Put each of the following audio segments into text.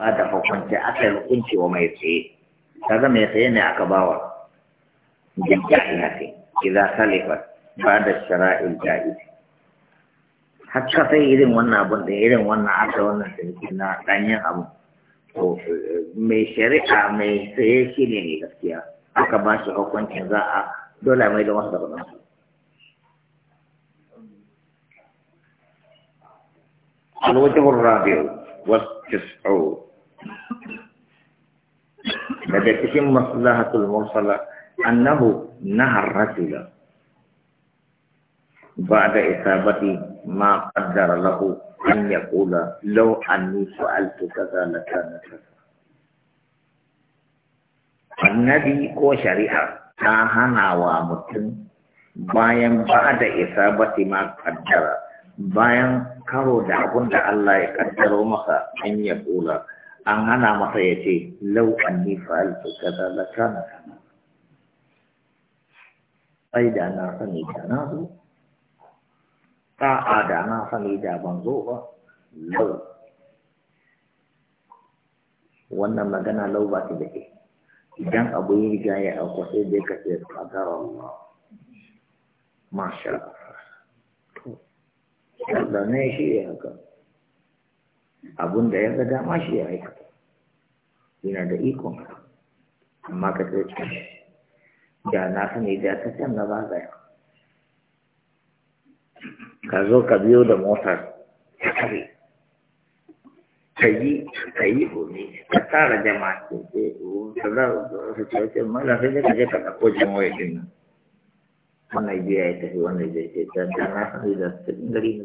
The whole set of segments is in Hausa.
ba da hukunci aka yi hukunci wa mai tsaye zama mai tsaye ne aka bawa jajjahiya ce idan salifat ba da shara'il jahiya haka sai irin wannan abun da irin wannan aka wannan da na danyen abu to mai shari'a mai tsaye shi ne ne gaskiya aka ba shi hukuncin za a dole mai da wasu da الوجه الرابع والتسعون daga cikin maslahatul mursala annahu nahar rajula ba'da isabati ma qaddara lahu an yaqula law anni fa'altu kaza lakana kaza annabi ko shari'a ta hana wa mutum bayan ba'da isabati ma qaddara bayan karo da abun da Allah ya kaddaro masa an yaqula an hana masa ya ce lau anni fa'altu kaza na kana kana ai da na sani da na zo ta'a da na sani da ban zo ba lau wannan magana lau ba ta dake idan abu ya riga ya auku sai dai ka ce qadar Allah masha Allah ne shi haka abun da ya ga dama shi ya aikata yana da ikon amma ka ce da na sani da na zagaya ka zo ka biyo da motar ta kare ka yi ka yi gobe ka tara jama'a ke ce za su ce sai ka je ka ɗauko jama'a ɗin nan wannan biya ya tafi wannan zai ce ta na sani da gari ne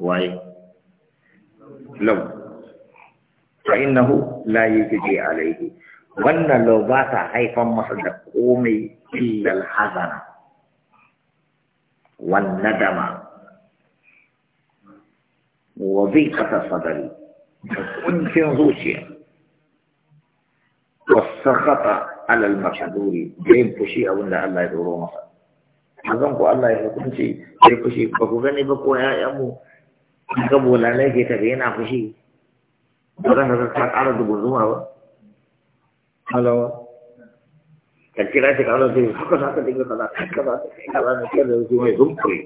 waye lau fa innahu la yujdi alayhi wannan lau ba ta haifan masa da komai illal hazana wan nadama wa dhiqata sadri da kuncin zuciya wasakhata ala al-mashduri da yin fushi abinda Allah ya doro masa azan ku Allah ya hukunci sai fushi ba ku gani ba ko mu? Ka ga bolalai ke tafi yana fushi ba za ta ƙara dubun ba halawa ka kira shi ƙara zai haka za ka dinga ka kaza na kira da mai zunkuri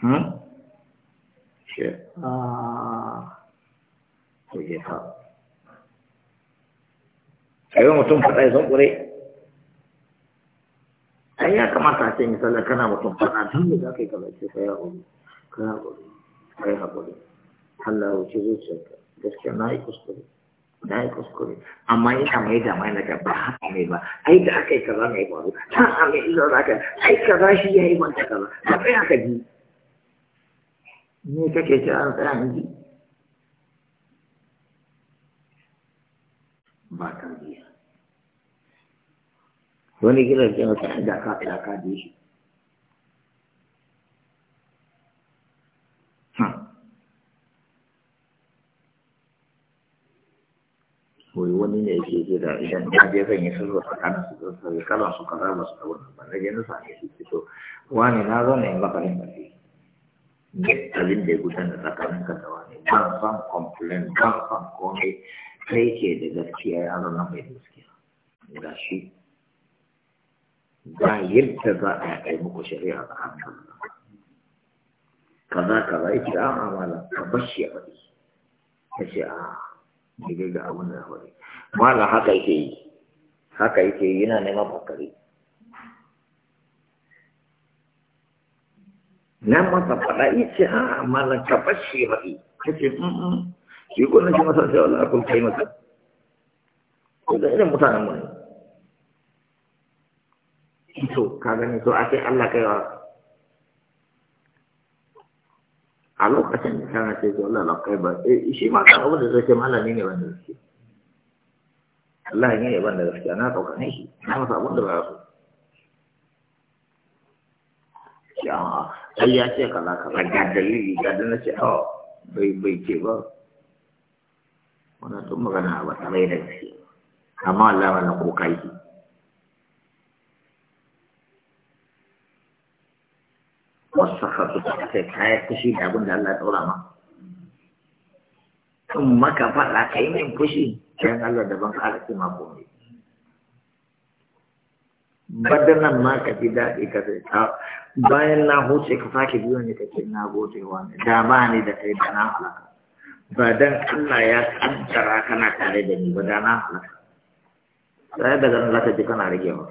hmm? shi a kuje ta mutum faɗa ya zunkuri ai ya kamata a ce misali kana mutum faɗa tun za ka yi ce ka haƙuri ka yi haƙuri Allah ya wuce zuciyarka gaskiya na yi kuskure na yi kuskure amma ina mai da mai daga ba haka ne ba ai da aka yi kaza mai faru can a mai ilo za ka ai kaza shi ya yi manta kaza ka tsaya ka ji me kake ce an tsaya in ji ba tarbiyya wani gidan jama'a da ka tsaya ka ji shi da idan na je zan yi sulhu tsakanin su da sai kalan su kaza ba su da wannan ba na je na sami su fito wani na zo ne maka yin bari duk abin da ya gudana tsakanin ka da wani ban san complain ban san komai kai ke da gaskiya ya zo nan mai gaskiya ga shi ba yadda za a yi muku shari'a a hankali kaza kaza ya ce a'a malam ka bar shi ya faɗi ta ce a. daidai da abin da faɗi mala haka yake yi haka yake yi yana neman fakari nan masa faɗa yace a mana ka bashi faɗi kace mm shi ko na ji masa sai Allah kun kai masa ko da irin mutanen mu ne to ka gani to a sai Allah kai wa a lokacin kana ce ga Allah lakai ba eh shi ma ka abin da zai malami ne da gaske Allah ne ne da gaske ana dauka ne shi na masa abin da ba su ya ai ya ce kaza kaza ga dalili ga dan ce oh bai bai ce ba wannan tun magana ba ta bai da gaske amma Allah wala ko kai wasu hasu ta kushi kayan da abin da Allah ya ɗora ma. In maka faɗa ka yi min fushi, kayan Allah daban ƙara ce ma komai. Badanan ma ka fi daɗi ka sai ta bayan na huce ka sake biyo ne kake na gode wa ne da ba ni da kai da na halaka. Ba dan Allah ya kaddara kana tare da ni ba da na halaka. Sai daga nan za ka ji kana ragewa,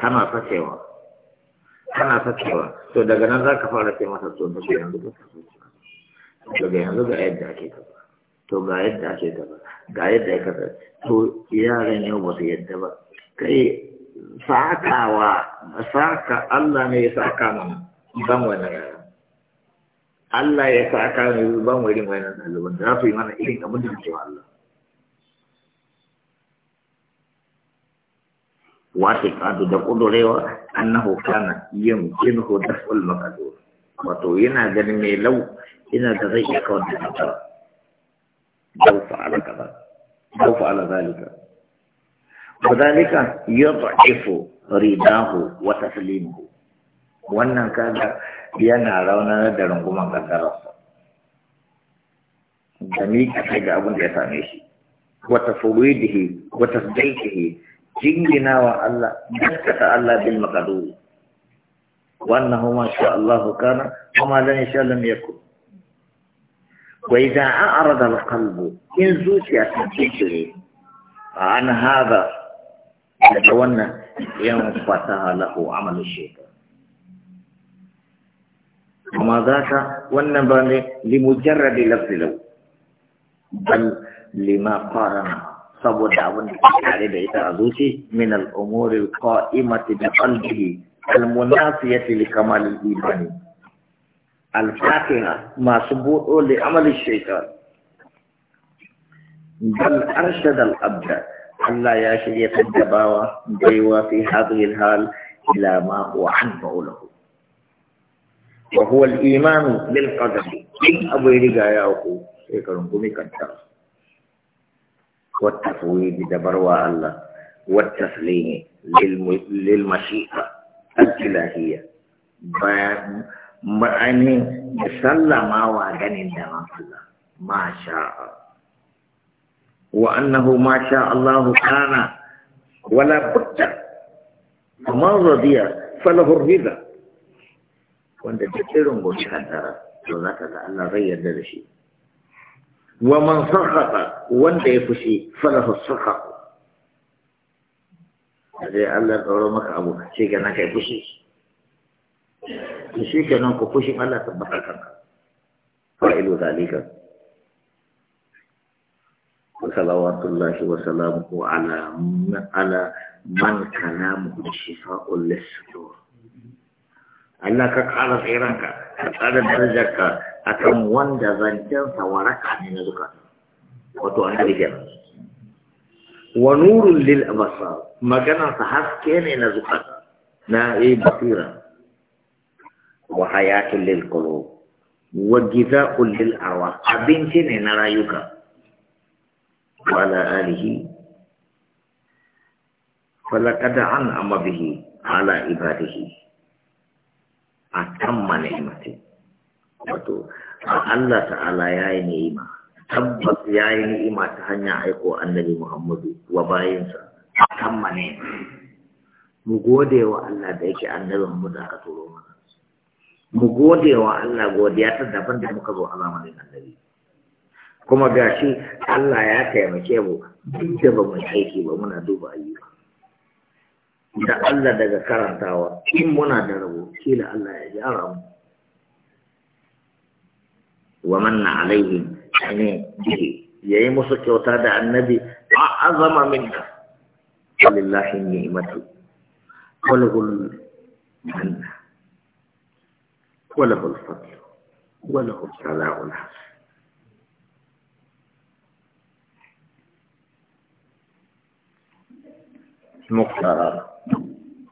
kana fasewa. kana sakewa to daga nan za ka fara ce masa to daga yanzu ba daga yanzu ga yadda ake ta to ga yadda ake ta ga yadda ya ta to yaran yau ba su yadda ba kai sakawa saka Allah ne ya saka mana ban wannan Allah ya saka ne ban wurin wannan ɗaliban da za su yi mana irin abin da ke Allah واعتقاد ده قدره انه كان يمكنه دفع المقدور wato yana ganin mai lau yana da zai iya kawar da cutar dau fa'ala kaza dau fa'ala zalika wa zalika yad'ifu ridahu wa taslimuhu wannan kaga yana raunar da runguman kaddararsa da ni kai ga abin da ya same shi wa tafwidihi wa tasdiqihi jingina wa Allah gaskata Allah bil maqdur وأنه ما شاء الله كان وما لا يشاء لم يكن وإذا أعرض القلب إن زوجي أتنشري عن هذا يتولى ينفتح له عمل الشيطان وما ذاك والنبال لمجرد لفظ لو بل لما قارنه saboda abin da ke tare da ita a zuci min al'umuri qa'imati bi qalbihi al-munasiyati li kamal al-iman al-fatiha masu budo li amali shaytan bal arshada al-abda Allah ya shirya tattabawa baiwa fi hadhihi al-hal ila ma huwa an lahu وهو الإيمان بالقدر إن أبو يرجع يا أخو شكرا كمي كنتر والتفويض دبروا الله والتسليم للمشيئة الإلهية معني ما وغني دمان الله ما شاء وأنه ما شاء الله كان ولا بد ما رضي فله الرضا وأنت تكيرون قلت حتى لو الله غير ذلك wa man sarrafa wanda ya fushi falahu sarrafa sai Allah tsoro maka abu shi kenan kai fushi shi nan ku fushi Allah tabbatar kanka ilu zalika wa الله ala man على من كلامه شفاء للصدور Allah ka ƙara tsiranka ka ƙara darajarka akan wanda zancensa waraka ne na zukata wato an rike wa nurun lil abasar maganarsa haske ne na zukata na yi basira wa hayatun lil qulub wa gida'un lil arwa abinci ne na rayuka wa ala alihi falaqad an amma bihi ala ibadihi A أتم ni'imati wato Allah ta'ala ya yi ni'ima tabbas ya yi ni'ima ta hanyar aiko annabi Muhammadu wa bayinsa kamma ni'imati mu gode wa Allah da yake annabi Muhammadu aka turo mana mu gode wa Allah godiya ta daban da muka zo a zamanin annabi kuma gashi Allah ya taimake mu duk da ba mu aiki ba muna duba ayyuka da Allah daga karantawa in muna da rabo kila Allah ya gyara mu wa manna alaihim ne bihi yayi musu kyauta da annabi a azama minna walillahi ni'matu walahul manna walahul fadl walahul sala'ul hasan مقرر